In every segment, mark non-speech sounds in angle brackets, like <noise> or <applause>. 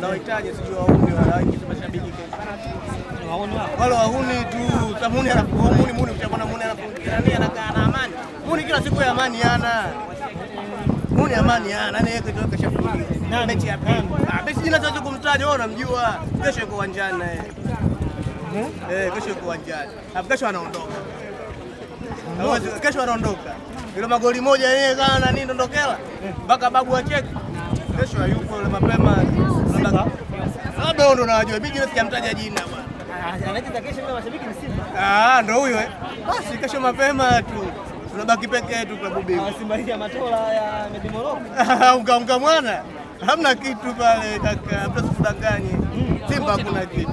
nawahitaji sijui wahuni wale wahuni tu samuni muni muni anakaa na amani muni kila siku ya amani yana muni amani yana yaani na mechi ya pili basi jina ah, kumtaja kesho yuko uwanjani naye hmm? eh kesho yuko uwanjani kesho anaondoka kesho anaondoka ile magoli moja yeye kana nini ndondokela hmm. mpaka babu acheke Kesho hayupo yule mapema. Labda huyo ndo najua. mimi leo sijamtaja jina bwana. Ah, Anacheza kesho na mashabiki ni Simba. Ah, ndo huyo eh. Basi kesho mapema tu. Tunabaki peke yetu klabu bingwa. Ah, Simba hii ya matola ya Medi Moroko. <laughs> Unga unga mwana. Hamna kitu pale kaka. Hata usidanganye. Mm. Simba hakuna kitu.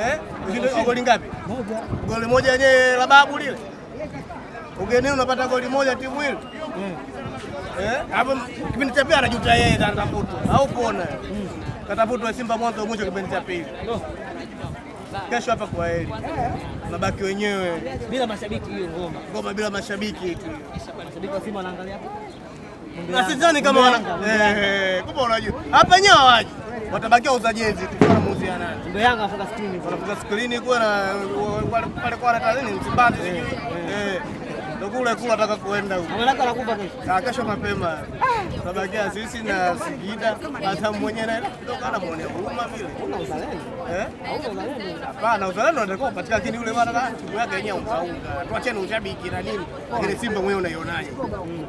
Eh? Goli ngapi? Goli moja yenyewe la babu lile. Ugenini unapata goli moja timu hili. mm. Eh? kipindi cha pili anajuta yeye, katafutwa au kuona katafutwa Simba mwanzo mwisho, kipindi cha pili. Kesho hapa kwa heri, nabaki wenyewe bila mashabiki. Hiyo ngoma ngoma bila mashabiki tu, mashabiki wa Simba wanaangalia hapo na sidhani kama wana eh, kumbe unajua hapa nyewe hawaji, watabakia uza jezi ndio Yanga afuka screen, afuka screen kwa na pale kwa na tazini msimbati eh, sijui eh, eh. Ndio kule kule nataka kuenda huko. Unataka nakupa kesho? Ah, kesho mapema. Tabakia sisi na Sigida hata mwenye na kutoka na mwenye huruma vile. Una uzalendo? Eh? Hauna uzalendo. Hapana, uzalendo ndio kwa patika kini yule bwana kana chukua yake yenyewe unaunga. Tuache na ushabiki na nini? Lakini Simba mwenyewe unaionaje?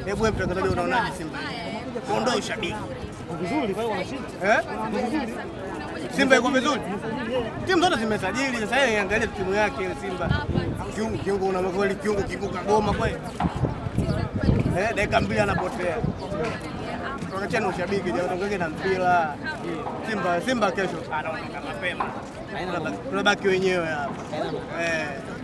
Hebu wewe mtangazaji unaonaje Simba? Ondoa ushabiki. Vizuri kwa hiyo wanashinda. Eh? Vizuri. Simba iko vizuri, timu zote zimesajili. Sasa yeye angalia timu yake ile Simba, kiungo kiungo una kweli, kiungo kiungo kagoma kweli, eh, dakika mbili anapotea. Tunaachana na ushabiki jamani, tunaongea na mpira. Simba Simba kesho anaonekana ah, mapema, tunabaki wenyewe hapa eh.